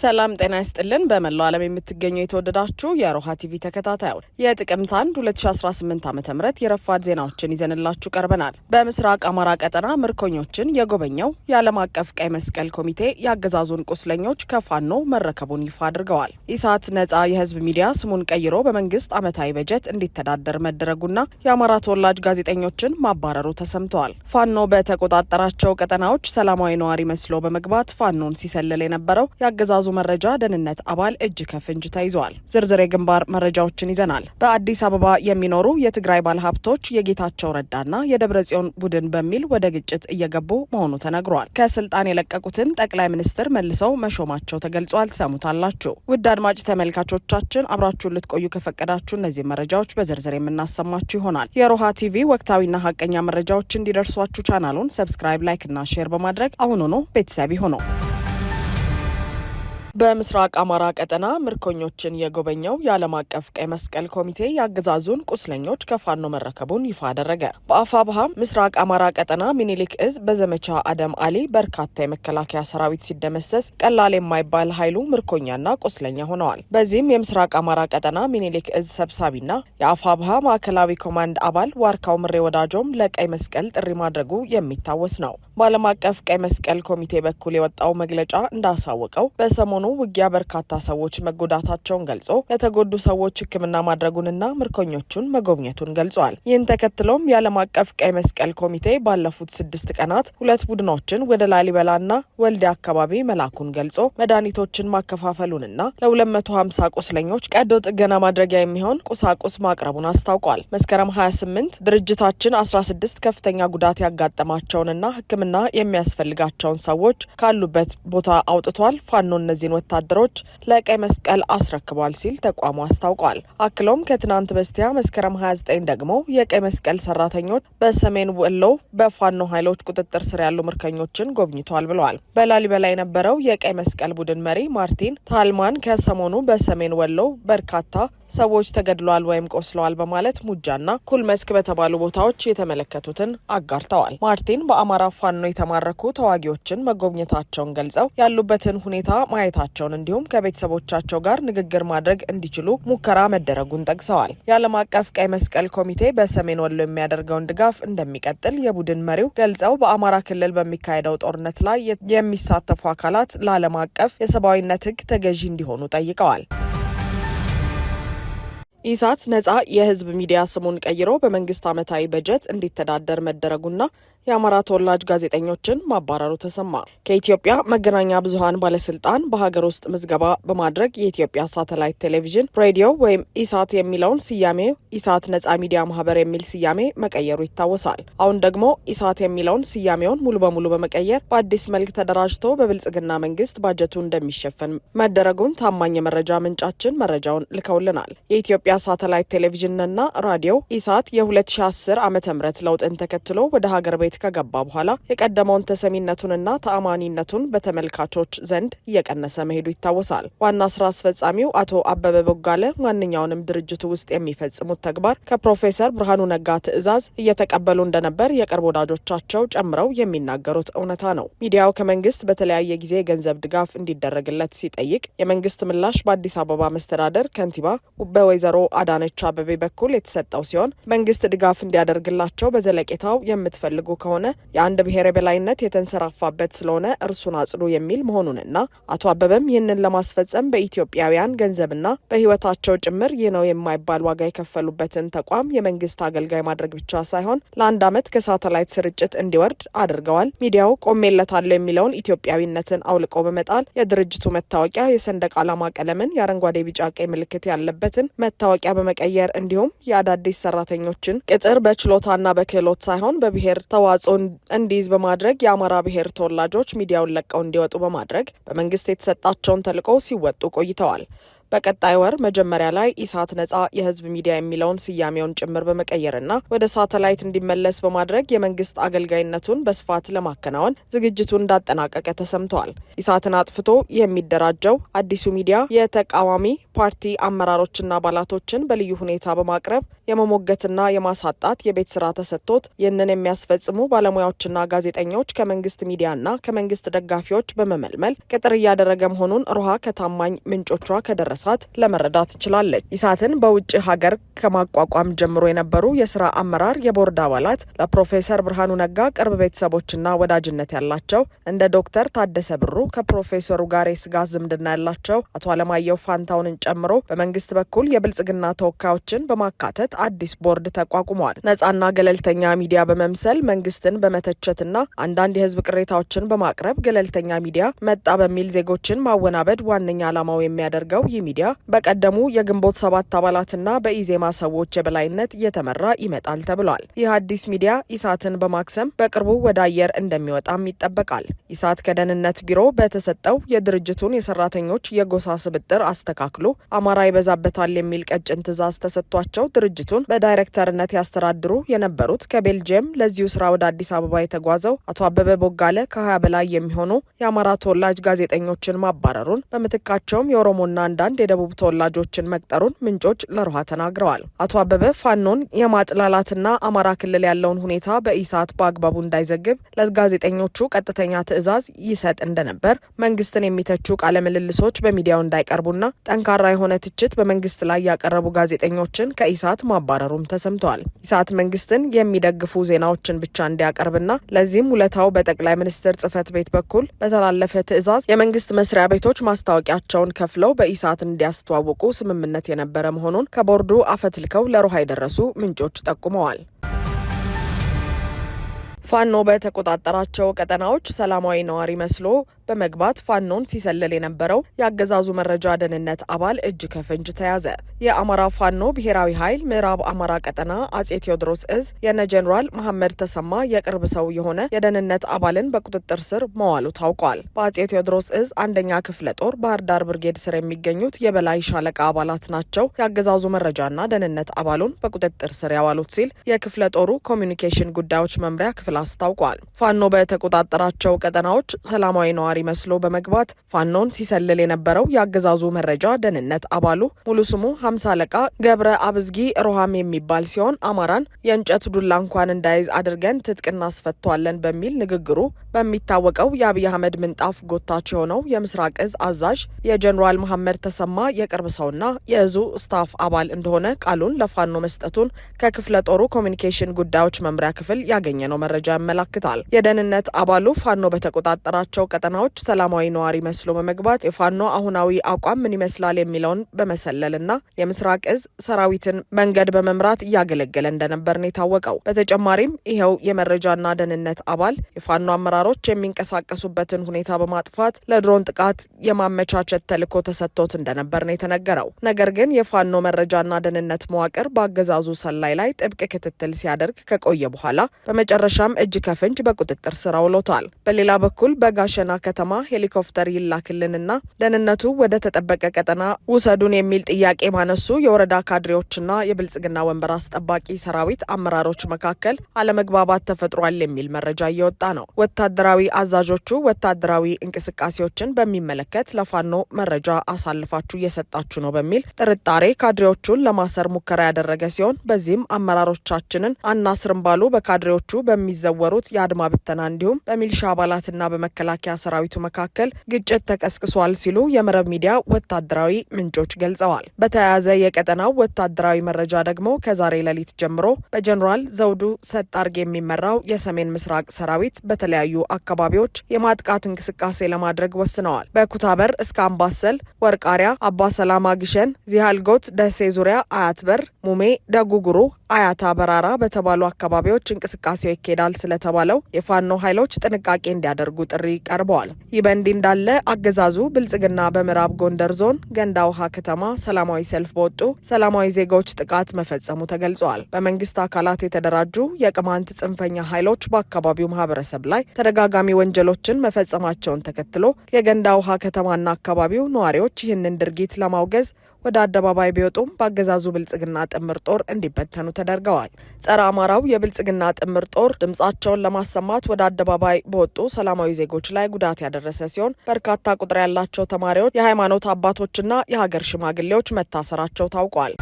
ሰላም ጤና ይስጥልን። በመላው ዓለም የምትገኙ የተወደዳችሁ የሮሃ ቲቪ ተከታታዮች የጥቅምት 1 2018 ዓ ም የረፋድ ዜናዎችን ይዘንላችሁ ቀርበናል። በምስራቅ አማራ ቀጠና ምርኮኞችን የጎበኘው የዓለም አቀፍ ቀይ መስቀል ኮሚቴ የአገዛዙን ቁስለኞች ከፋኖ መረከቡን ይፋ አድርገዋል። ኢሳት ነጻ የህዝብ ሚዲያ ስሙን ቀይሮ በመንግስት ዓመታዊ በጀት እንዲተዳደር መደረጉና የአማራ ተወላጅ ጋዜጠኞችን ማባረሩ ተሰምተዋል። ፋኖ በተቆጣጠራቸው ቀጠናዎች ሰላማዊ ነዋሪ መስሎ በመግባት ፋኖን ሲሰልል የነበረው የአገዛዙ የአገዛዙ መረጃ ደህንነት አባል እጅ ከፍንጅ ተይዟል። ዝርዝር የግንባር መረጃዎችን ይዘናል። በአዲስ አበባ የሚኖሩ የትግራይ ባለሀብቶች የጌታቸው ረዳና የደብረ ጽዮን ቡድን በሚል ወደ ግጭት እየገቡ መሆኑ ተነግሯል። ከስልጣን የለቀቁትን ጠቅላይ ሚኒስትር መልሰው መሾማቸው ተገልጿል። ሰሙታላችሁ። ውድ አድማጭ ተመልካቾቻችን አብራችሁን ልትቆዩ ከፈቀዳችሁ እነዚህ መረጃዎች በዝርዝር የምናሰማችሁ ይሆናል። የሮሃ ቲቪ ወቅታዊና ሀቀኛ መረጃዎች እንዲደርሷችሁ ቻናሉን ሰብስክራይብ፣ ላይክ እና ሼር በማድረግ አሁኑኑ ቤተሰብ ይሁኑ። በምስራቅ አማራ ቀጠና ምርኮኞችን የጎበኘው የዓለም አቀፍ ቀይ መስቀል ኮሚቴ የአገዛዙን ቁስለኞች ከፋኖ መረከቡን ይፋ አደረገ። በአፋብሃም ምስራቅ አማራ ቀጠና ሚኒሊክ እዝ በዘመቻ አደም አሊ በርካታ የመከላከያ ሰራዊት ሲደመሰስ ቀላል የማይባል ኃይሉ ምርኮኛና ቁስለኛ ሆነዋል። በዚህም የምስራቅ አማራ ቀጠና ሚኒሊክ እዝ ሰብሳቢና የአፋብሃ ማዕከላዊ ኮማንድ አባል ዋርካው ምሬ ወዳጆም ለቀይ መስቀል ጥሪ ማድረጉ የሚታወስ ነው። በዓለም አቀፍ ቀይ መስቀል ኮሚቴ በኩል የወጣው መግለጫ እንዳሳወቀው በሰሞኑ ውጊያ በርካታ ሰዎች መጎዳታቸውን ገልጾ ለተጎዱ ሰዎች ሕክምና ማድረጉንና ምርኮኞቹን መጎብኘቱን ገልጿል። ይህን ተከትሎም የዓለም አቀፍ ቀይ መስቀል ኮሚቴ ባለፉት ስድስት ቀናት ሁለት ቡድኖችን ወደ ላሊበላና ወልዴ አካባቢ መላኩን ገልጾ መድኃኒቶችን ማከፋፈሉንና ለ250 ቁስለኞች ቀዶ ጥገና ማድረጊያ የሚሆን ቁሳቁስ ማቅረቡን አስታውቋል። መስከረም 28 ድርጅታችን 16 ከፍተኛ ጉዳት ያጋጠማቸውንና ሕክምና ሕክምና የሚያስፈልጋቸውን ሰዎች ካሉበት ቦታ አውጥቷል። ፋኖ እነዚህን ወታደሮች ለቀይ መስቀል አስረክቧል ሲል ተቋሙ አስታውቋል። አክለውም ከትናንት በስቲያ መስከረም 29 ደግሞ የቀይ መስቀል ሰራተኞች በሰሜን ወሎ በፋኖ ኃይሎች ቁጥጥር ስር ያሉ ምርኮኞችን ጎብኝቷል ብለዋል። በላሊበላ የነበረው የቀይ መስቀል ቡድን መሪ ማርቲን ታልማን ከሰሞኑ በሰሜን ወሎ በርካታ ሰዎች ተገድለዋል ወይም ቆስለዋል በማለት ሙጃና ኩልመስክ በተባሉ ቦታዎች የተመለከቱትን አጋርተዋል። ማርቲን በአማራ ፋኖ የተማረኩ ተዋጊዎችን መጎብኘታቸውን ገልጸው ያሉበትን ሁኔታ ማየታቸውን እንዲሁም ከቤተሰቦቻቸው ጋር ንግግር ማድረግ እንዲችሉ ሙከራ መደረጉን ጠቅሰዋል። የዓለም አቀፍ ቀይ መስቀል ኮሚቴ በሰሜን ወሎ የሚያደርገውን ድጋፍ እንደሚቀጥል የቡድን መሪው ገልጸው በአማራ ክልል በሚካሄደው ጦርነት ላይ የሚሳተፉ አካላት ለዓለም አቀፍ የሰብአዊነት ሕግ ተገዢ እንዲሆኑ ጠይቀዋል። ኢሳት ነጻ የህዝብ ሚዲያ ስሙን ቀይሮ በመንግስት ዓመታዊ በጀት እንዲተዳደር መደረጉና የአማራ ተወላጅ ጋዜጠኞችን ማባረሩ ተሰማ። ከኢትዮጵያ መገናኛ ብዙሀን ባለስልጣን በሀገር ውስጥ ምዝገባ በማድረግ የኢትዮጵያ ሳተላይት ቴሌቪዥን ሬዲዮ ወይም ኢሳት የሚለውን ስያሜ ኢሳት ነጻ ሚዲያ ማህበር የሚል ስያሜ መቀየሩ ይታወሳል። አሁን ደግሞ ኢሳት የሚለውን ስያሜውን ሙሉ በሙሉ በመቀየር በአዲስ መልክ ተደራጅቶ በብልጽግና መንግስት ባጀቱ እንደሚሸፈን መደረጉን ታማኝ የመረጃ ምንጫችን መረጃውን ልከውልናል። የኢትዮጵያ የኢትዮጵያ ሳተላይት ቴሌቪዥንና ራዲዮ ኢሳት የ2010 ዓ ም ለውጥን ተከትሎ ወደ ሀገር ቤት ከገባ በኋላ የቀደመውን ተሰሚነቱንና ተአማኒነቱን በተመልካቾች ዘንድ እየቀነሰ መሄዱ ይታወሳል። ዋና ስራ አስፈጻሚው አቶ አበበ ቦጋለ ማንኛውንም ድርጅቱ ውስጥ የሚፈጽሙት ተግባር ከፕሮፌሰር ብርሃኑ ነጋ ትዕዛዝ እየተቀበሉ እንደነበር የቅርብ ወዳጆቻቸው ጨምረው የሚናገሩት እውነታ ነው። ሚዲያው ከመንግስት በተለያየ ጊዜ የገንዘብ ድጋፍ እንዲደረግለት ሲጠይቅ የመንግስት ምላሽ በአዲስ አበባ መስተዳደር ከንቲባ በወይዘሮ ወይዘሮ አዳነች አበቤ በኩል የተሰጠው ሲሆን መንግስት ድጋፍ እንዲያደርግላቸው በዘለቄታው የምትፈልጉ ከሆነ የአንድ ብሔር የበላይነት የተንሰራፋበት ስለሆነ እርሱን አጽዱ የሚል መሆኑንና አቶ አበበም ይህንን ለማስፈጸም በኢትዮጵያውያን ገንዘብና በህይወታቸው ጭምር ይህ ነው የማይባል ዋጋ የከፈሉበትን ተቋም የመንግስት አገልጋይ ማድረግ ብቻ ሳይሆን ለአንድ ዓመት ከሳተላይት ስርጭት እንዲወርድ አድርገዋል። ሚዲያው ቆሜለታለሁ የሚለውን ኢትዮጵያዊነትን አውልቆ በመጣል የድርጅቱ መታወቂያ የሰንደቅ ዓላማ ቀለምን የአረንጓዴ ቢጫ ቀይ ምልክት ያለበትን መታ መታወቂያ በመቀየር እንዲሁም የአዳዲስ ሰራተኞችን ቅጥር በችሎታና በክህሎት ሳይሆን በብሔር ተዋጽኦ እንዲይዝ በማድረግ የአማራ ብሔር ተወላጆች ሚዲያውን ለቀው እንዲወጡ በማድረግ በመንግስት የተሰጣቸውን ተልዕኮ ሲወጡ ቆይተዋል። በቀጣይ ወር መጀመሪያ ላይ ኢሳት ነጻ የህዝብ ሚዲያ የሚለውን ስያሜውን ጭምር በመቀየርና ወደ ሳተላይት እንዲመለስ በማድረግ የመንግስት አገልጋይነቱን በስፋት ለማከናወን ዝግጅቱ እንዳጠናቀቀ ተሰምተዋል። ኢሳትን አጥፍቶ የሚደራጀው አዲሱ ሚዲያ የተቃዋሚ ፓርቲ አመራሮችና አባላቶችን በልዩ ሁኔታ በማቅረብ የመሞገትና የማሳጣት የቤት ስራ ተሰጥቶት ይህንን የሚያስፈጽሙ ባለሙያዎችና ጋዜጠኞች ከመንግስት ሚዲያና ከመንግስት ደጋፊዎች በመመልመል ቅጥር እያደረገ መሆኑን ሮሃ ከታማኝ ምንጮቿ ከደረሰ ኢሳት ለመረዳት ችላለች። ኢሳትን በውጭ ሀገር ከማቋቋም ጀምሮ የነበሩ የስራ አመራር የቦርድ አባላት ለፕሮፌሰር ብርሃኑ ነጋ ቅርብ ቤተሰቦችና ወዳጅነት ያላቸው እንደ ዶክተር ታደሰ ብሩ ከፕሮፌሰሩ ጋር የስጋ ዝምድና ያላቸው አቶ አለማየሁ ፋንታውንን ጨምሮ በመንግስት በኩል የብልጽግና ተወካዮችን በማካተት አዲስ ቦርድ ተቋቁመዋል። ነጻና ገለልተኛ ሚዲያ በመምሰል መንግስትን በመተቸትና አንዳንድ የህዝብ ቅሬታዎችን በማቅረብ ገለልተኛ ሚዲያ መጣ በሚል ዜጎችን ማወናበድ ዋነኛ ዓላማው የሚያደርገው ይህ ሚዲያ በቀደሙ የግንቦት ሰባት አባላትና በኢዜማ ሰዎች የበላይነት እየተመራ ይመጣል ተብሏል። ይህ አዲስ ሚዲያ ኢሳትን በማክሰም በቅርቡ ወደ አየር እንደሚወጣም ይጠበቃል። ኢሳት ከደህንነት ቢሮ በተሰጠው የድርጅቱን የሰራተኞች የጎሳ ስብጥር አስተካክሎ አማራ ይበዛበታል የሚል ቀጭን ትዕዛዝ ተሰጥቷቸው ድርጅቱን በዳይሬክተርነት ያስተዳድሩ የነበሩት ከቤልጅየም ለዚሁ ስራ ወደ አዲስ አበባ የተጓዘው አቶ አበበ ቦጋለ ከሀያ በላይ የሚሆኑ የአማራ ተወላጅ ጋዜጠኞችን ማባረሩን በምትካቸውም የኦሮሞና አንዳንድ አንድ የደቡብ ተወላጆችን መቅጠሩን ምንጮች ለሮሃ ተናግረዋል። አቶ አበበ ፋኖን የማጥላላትና አማራ ክልል ያለውን ሁኔታ በኢሳት በአግባቡ እንዳይዘግብ ለጋዜጠኞቹ ቀጥተኛ ትዕዛዝ ይሰጥ እንደነበር፣ መንግስትን የሚተቹ ቃለ ምልልሶች በሚዲያው እንዳይቀርቡና ጠንካራ የሆነ ትችት በመንግስት ላይ ያቀረቡ ጋዜጠኞችን ከኢሳት ማባረሩም ተሰምተዋል። ኢሳት መንግስትን የሚደግፉ ዜናዎችን ብቻ እንዲያቀርብና ለዚህም ውለታው በጠቅላይ ሚኒስትር ጽህፈት ቤት በኩል በተላለፈ ትዕዛዝ የመንግስት መስሪያ ቤቶች ማስታወቂያቸውን ከፍለው በኢሳት እንዲያስተዋውቁ ስምምነት የነበረ መሆኑን ከቦርዱ አፈትልከው ለሮሃ የደረሱ ምንጮች ጠቁመዋል። ፋኖ በተቆጣጠራቸው ቀጠናዎች ሰላማዊ ነዋሪ መስሎ በመግባት ፋኖን ሲሰልል የነበረው የአገዛዙ መረጃ ደህንነት አባል እጅ ከፍንጅ ተያዘ። የአማራ ፋኖ ብሔራዊ ኃይል ምዕራብ አማራ ቀጠና አጼ ቴዎድሮስ እዝ የነ ጀኔራል መሐመድ ተሰማ የቅርብ ሰው የሆነ የደህንነት አባልን በቁጥጥር ስር መዋሉ ታውቋል። በአጼ ቴዎድሮስ እዝ አንደኛ ክፍለ ጦር ባህር ዳር ብርጌድ ስር የሚገኙት የበላይ ሻለቃ አባላት ናቸው ያገዛዙ መረጃና ደህንነት አባሉን በቁጥጥር ስር ያዋሉት ሲል የክፍለ ጦሩ ኮሚኒኬሽን ጉዳዮች መምሪያ ክፍል አስታውቋል። ፋኖ በተቆጣጠራቸው ቀጠናዎች ሰላማዊ ነዋሪ ተጠርጣሪ መስሎ በመግባት ፋኖን ሲሰልል የነበረው የአገዛዙ መረጃ ደህንነት አባሉ ሙሉ ስሙ ሀምሳ አለቃ ገብረ አብዝጊ ሮሃም የሚባል ሲሆን አማራን የእንጨት ዱላ እንኳን እንዳይዝ አድርገን ትጥቅ እናስፈቷለን በሚል ንግግሩ በሚታወቀው የአብይ አህመድ ምንጣፍ ጎታች የሆነው የምስራቅ እዝ አዛዥ የጀኔራል መሐመድ ተሰማ የቅርብ ሰውና የእዙ ስታፍ አባል እንደሆነ ቃሉን ለፋኖ መስጠቱን ከክፍለ ጦሩ ኮሚኒኬሽን ጉዳዮች መምሪያ ክፍል ያገኘነው መረጃ ያመላክታል። የደህንነት አባሉ ፋኖ በተቆጣጠራቸው ቀጠናዎች ቦታዎች ሰላማዊ ነዋሪ መስሎ በመግባት የፋኖ አሁናዊ አቋም ምን ይመስላል የሚለውን በመሰለልና የምስራቅ እዝ ሰራዊትን መንገድ በመምራት እያገለገለ እንደነበር ነው የታወቀው። በተጨማሪም ይኸው የመረጃና ደህንነት አባል የፋኖ አመራሮች የሚንቀሳቀሱበትን ሁኔታ በማጥፋት ለድሮን ጥቃት የማመቻቸት ተልዕኮ ተሰጥቶት እንደነበር ነው የተነገረው። ነገር ግን የፋኖ መረጃና ደህንነት መዋቅር በአገዛዙ ሰላይ ላይ ጥብቅ ክትትል ሲያደርግ ከቆየ በኋላ በመጨረሻም እጅ ከፍንጅ በቁጥጥር ስር አውሎታል። በሌላ በኩል በጋሸና ከተማ ሄሊኮፕተር ይላክልንና ደህንነቱ ወደ ተጠበቀ ቀጠና ውሰዱን የሚል ጥያቄ ማነሱ የወረዳ ካድሬዎችና የብልጽግና ወንበር አስጠባቂ ሰራዊት አመራሮች መካከል አለመግባባት ተፈጥሯል የሚል መረጃ እየወጣ ነው። ወታደራዊ አዛዦቹ ወታደራዊ እንቅስቃሴዎችን በሚመለከት ለፋኖ መረጃ አሳልፋችሁ እየሰጣችሁ ነው በሚል ጥርጣሬ ካድሬዎቹን ለማሰር ሙከራ ያደረገ ሲሆን በዚህም አመራሮቻችንን አናስርም ባሉ በካድሬዎቹ በሚዘወሩት የአድማ ብተና እንዲሁም በሚልሻ አባላትና በመከላከያ ሰራ ሰራዊቱ መካከል ግጭት ተቀስቅሷል ሲሉ የመረብ ሚዲያ ወታደራዊ ምንጮች ገልጸዋል። በተያያዘ የቀጠናው ወታደራዊ መረጃ ደግሞ ከዛሬ ሌሊት ጀምሮ በጀኔራል ዘውዱ ሰጣርግ የሚመራው የሰሜን ምስራቅ ሰራዊት በተለያዩ አካባቢዎች የማጥቃት እንቅስቃሴ ለማድረግ ወስነዋል። በኩታበር እስከ አምባሰል፣ ወርቃሪያ፣ አባሰላማ፣ ግሸን፣ ዚህልጎት፣ ደሴ ዙሪያ፣ አያትበር፣ ሙሜ፣ ደጉጉሩ፣ አያታ በራራ በተባሉ አካባቢዎች እንቅስቃሴው ይካሄዳል ስለተባለው የፋኖ ኃይሎች ጥንቃቄ እንዲያደርጉ ጥሪ ቀርበዋል። ተገልጿል። ይህ በእንዲህ እንዳለ አገዛዙ ብልጽግና በምዕራብ ጎንደር ዞን ገንዳ ውሃ ከተማ ሰላማዊ ሰልፍ በወጡ ሰላማዊ ዜጋዎች ጥቃት መፈጸሙ ተገልጿል። በመንግስት አካላት የተደራጁ የቅማንት ጽንፈኛ ኃይሎች በአካባቢው ማህበረሰብ ላይ ተደጋጋሚ ወንጀሎችን መፈጸማቸውን ተከትሎ የገንዳ ውሃ ከተማና አካባቢው ነዋሪዎች ይህንን ድርጊት ለማውገዝ ወደ አደባባይ ቢወጡም በአገዛዙ ብልጽግና ጥምር ጦር እንዲበተኑ ተደርገዋል። ጸረ አማራው የብልጽግና ጥምር ጦር ድምጻቸውን ለማሰማት ወደ አደባባይ በወጡ ሰላማዊ ዜጎች ላይ ጉዳት ያደረሰ ሲሆን በርካታ ቁጥር ያላቸው ተማሪዎች፣ የሃይማኖት አባቶችና የሀገር ሽማግሌዎች መታሰራቸው ታውቋል።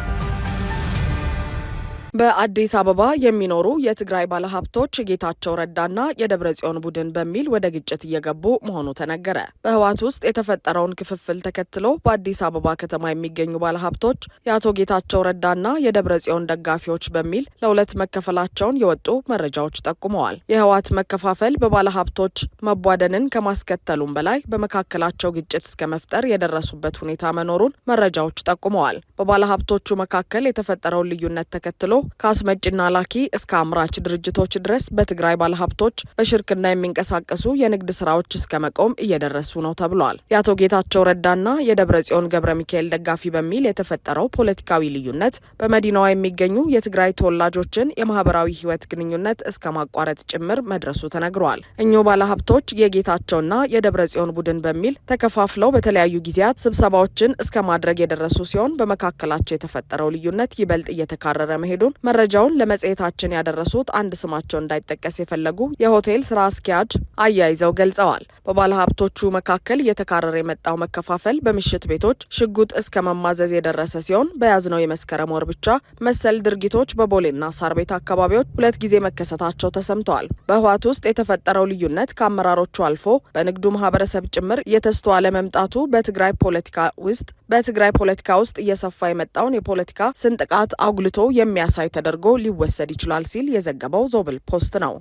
በአዲስ አበባ የሚኖሩ የትግራይ ባለሀብቶች ጌታቸው ረዳና የደብረ ጽዮን ቡድን በሚል ወደ ግጭት እየገቡ መሆኑ ተነገረ። በህወሓት ውስጥ የተፈጠረውን ክፍፍል ተከትሎ በአዲስ አበባ ከተማ የሚገኙ ባለሀብቶች የአቶ ጌታቸው ረዳና የደብረ ጽዮን ደጋፊዎች በሚል ለሁለት መከፈላቸውን የወጡ መረጃዎች ጠቁመዋል። የህወሓት መከፋፈል በባለሀብቶች መቧደንን ከማስከተሉም በላይ በመካከላቸው ግጭት እስከ መፍጠር የደረሱበት ሁኔታ መኖሩን መረጃዎች ጠቁመዋል። በባለሀብቶቹ መካከል የተፈጠረውን ልዩነት ተከትሎ ከአስመጭና ላኪ እስከ አምራች ድርጅቶች ድረስ በትግራይ ባለሀብቶች በሽርክና የሚንቀሳቀሱ የንግድ ስራዎች እስከ መቆም እየደረሱ ነው ተብሏል። የአቶ ጌታቸው ረዳና የደብረ ጽዮን ገብረ ሚካኤል ደጋፊ በሚል የተፈጠረው ፖለቲካዊ ልዩነት በመዲናዋ የሚገኙ የትግራይ ተወላጆችን የማህበራዊ ህይወት ግንኙነት እስከ ማቋረጥ ጭምር መድረሱ ተነግሯል። እኚሁ ባለሀብቶች የጌታቸውና የደብረ ጽዮን ቡድን በሚል ተከፋፍለው በተለያዩ ጊዜያት ስብሰባዎችን እስከ ማድረግ የደረሱ ሲሆን በመካከላቸው የተፈጠረው ልዩነት ይበልጥ እየተካረረ መሄዱን መረጃውን ለመጽሔታችን ያደረሱት አንድ ስማቸው እንዳይጠቀስ የፈለጉ የሆቴል ስራ አስኪያጅ አያይዘው ገልጸዋል። በባለሀብቶቹ መካከል እየተካረረ የመጣው መከፋፈል በምሽት ቤቶች ሽጉጥ እስከ መማዘዝ የደረሰ ሲሆን በያዝነው የመስከረም ወር ብቻ መሰል ድርጊቶች በቦሌና ሳር ቤት አካባቢዎች ሁለት ጊዜ መከሰታቸው ተሰምተዋል። በህዋት ውስጥ የተፈጠረው ልዩነት ከአመራሮቹ አልፎ በንግዱ ማህበረሰብ ጭምር እየተስተዋለ መምጣቱ በትግራይ ፖለቲካ ውስጥ በትግራይ ፖለቲካ ውስጥ እየሰፋ የመጣውን የፖለቲካ ስንጥቃት አጉልቶ የሚያሳ ተመሳሳይ ተደርጎ ሊወሰድ ይችላል ሲል የዘገበው ዞብል ፖስት ነው።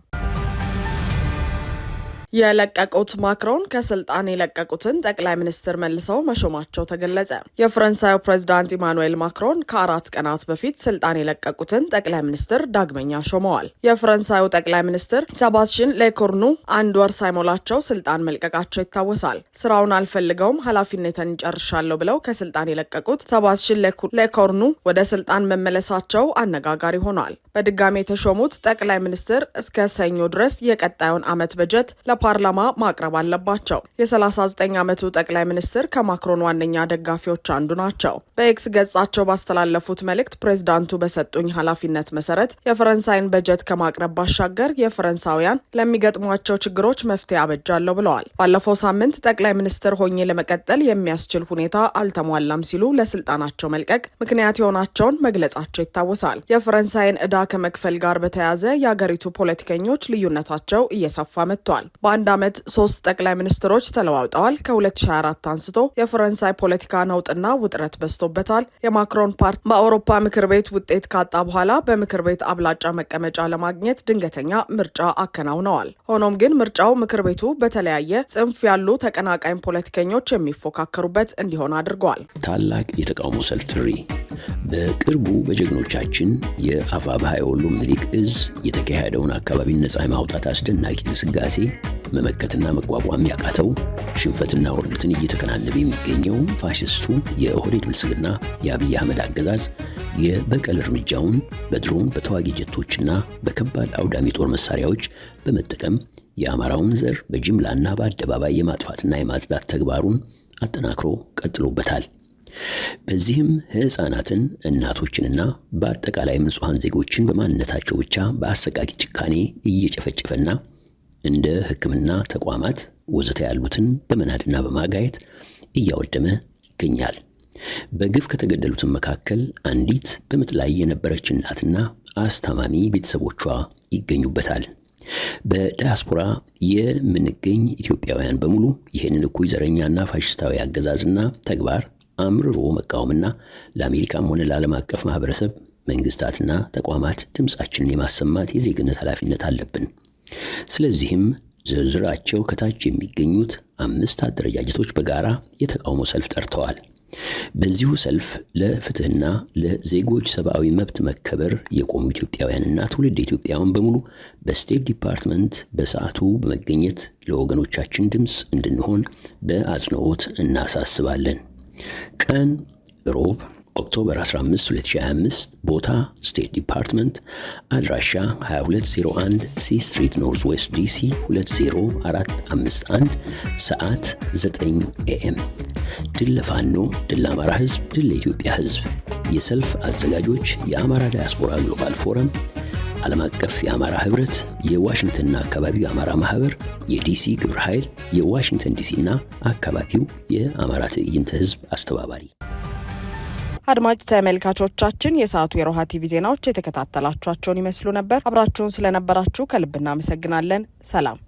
የለቀቁት ማክሮን ከስልጣን የለቀቁትን ጠቅላይ ሚኒስትር መልሰው መሾማቸው ተገለጸ። የፈረንሳዩ ፕሬዚዳንት ኢማኑኤል ማክሮን ከአራት ቀናት በፊት ስልጣን የለቀቁትን ጠቅላይ ሚኒስትር ዳግመኛ ሾመዋል። የፈረንሳዩ ጠቅላይ ሚኒስትር ሰባስሽን ሌኮርኑ አንድ ወር ሳይሞላቸው ስልጣን መልቀቃቸው ይታወሳል። ስራውን አልፈልገውም ኃላፊነትን ጨርሻለሁ ብለው ከስልጣን የለቀቁት ሰባስሽን ሌኮርኑ ወደ ስልጣን መመለሳቸው አነጋጋሪ ሆኗል። በድጋሚ የተሾሙት ጠቅላይ ሚኒስትር እስከ ሰኞ ድረስ የቀጣዩን ዓመት በጀት ለፓ ለፓርላማ ማቅረብ አለባቸው። የ39 ዓመቱ ጠቅላይ ሚኒስትር ከማክሮን ዋነኛ ደጋፊዎች አንዱ ናቸው። በኤክስ ገጻቸው ባስተላለፉት መልእክት ፕሬዝዳንቱ በሰጡኝ ኃላፊነት መሰረት የፈረንሳይን በጀት ከማቅረብ ባሻገር የፈረንሳውያን ለሚገጥሟቸው ችግሮች መፍትሄ አበጃለሁ ብለዋል። ባለፈው ሳምንት ጠቅላይ ሚኒስትር ሆኜ ለመቀጠል የሚያስችል ሁኔታ አልተሟላም ሲሉ ለስልጣናቸው መልቀቅ ምክንያት የሆናቸውን መግለጻቸው ይታወሳል። የፈረንሳይን ዕዳ ከመክፈል ጋር በተያያዘ የአገሪቱ ፖለቲከኞች ልዩነታቸው እየሰፋ መጥቷል። በአንድ ዓመት ሶስት ጠቅላይ ሚኒስትሮች ተለዋውጠዋል። ከ2024 አንስቶ የፈረንሳይ ፖለቲካ ነውጥና ውጥረት በዝቶበታል። የማክሮን ፓርቲ በአውሮፓ ምክር ቤት ውጤት ካጣ በኋላ በምክር ቤት አብላጫ መቀመጫ ለማግኘት ድንገተኛ ምርጫ አከናውነዋል። ሆኖም ግን ምርጫው ምክር ቤቱ በተለያየ ጽንፍ ያሉ ተቀናቃኝ ፖለቲከኞች የሚፎካከሩበት እንዲሆን አድርገዋል። ታላቅ የተቃውሞ ሰልፍ ጥሪ በቅርቡ በጀግኖቻችን የአፋብኃ የወሎ ምኒልክ እዝ የተካሄደውን አካባቢን ነፃ የማውጣት አስደናቂ ግስጋሴ መመከትና መቋቋም ያቃተው ሽንፈትና ውርደትን እየተከናነበ የሚገኘው ፋሽስቱ የኦህዴድ ብልጽግና የአብይ አህመድ አገዛዝ የበቀል እርምጃውን በድሮን በተዋጊ ጀቶችና በከባድ አውዳሚ ጦር መሳሪያዎች በመጠቀም የአማራውን ዘር በጅምላና በአደባባይ የማጥፋትና የማጽዳት ተግባሩን አጠናክሮ ቀጥሎበታል። በዚህም ሕፃናትን እናቶችንና በአጠቃላይ ንጹሐን ዜጎችን በማንነታቸው ብቻ በአሰቃቂ ጭካኔ እየጨፈጨፈና እንደ ሕክምና ተቋማት ወዘተ ያሉትን በመናድና በማጋየት እያወደመ ይገኛል። በግፍ ከተገደሉትን መካከል አንዲት በምጥ ላይ የነበረች እናትና አስታማሚ ቤተሰቦቿ ይገኙበታል። በዳያስፖራ የምንገኝ ኢትዮጵያውያን በሙሉ ይህንን እኩይ ዘረኛና ፋሽስታዊ አገዛዝና ተግባር አምርሮ መቃወምና ለአሜሪካም ሆነ ለዓለም አቀፍ ማህበረሰብ መንግስታትና ተቋማት ድምፃችንን የማሰማት የዜግነት ኃላፊነት አለብን። ስለዚህም ዝርዝራቸው ከታች የሚገኙት አምስት አደረጃጀቶች በጋራ የተቃውሞ ሰልፍ ጠርተዋል። በዚሁ ሰልፍ ለፍትህና ለዜጎች ሰብአዊ መብት መከበር የቆሙ ኢትዮጵያውያንና ትውልድ ኢትዮጵያውያን በሙሉ በስቴት ዲፓርትመንት በሰዓቱ በመገኘት ለወገኖቻችን ድምፅ እንድንሆን በአጽንኦት እናሳስባለን። ቀን ሮብ ኦክቶበር 15 2025 ቦታ ስቴት ዲፓርትመንት አድራሻ 2201 ሲ ስትሪት ኖርዝ ዌስት ዲሲ 20451 ሰዓት 9 ኤኤም ድል ለፋኖ ድል ለአማራ ህዝብ ድል ለኢትዮጵያ ህዝብ የሰልፍ አዘጋጆች የአማራ ዳያስፖራ ግሎባል ፎረም ዓለም አቀፍ የአማራ ህብረት፣ የዋሽንግተንና አካባቢው የአማራ ማህበር፣ የዲሲ ግብረ ኃይል፣ የዋሽንግተን እና አካባቢው የአማራ ትዕይንተ ህዝብ አስተባባሪ። አድማጭ ተመልካቾቻችን የሰዓቱ የሮሃ ቲቪ ዜናዎች የተከታተላችኋቸውን ይመስሉ ነበር። አብራችሁን ስለነበራችሁ ከልብ እናመሰግናለን። ሰላም።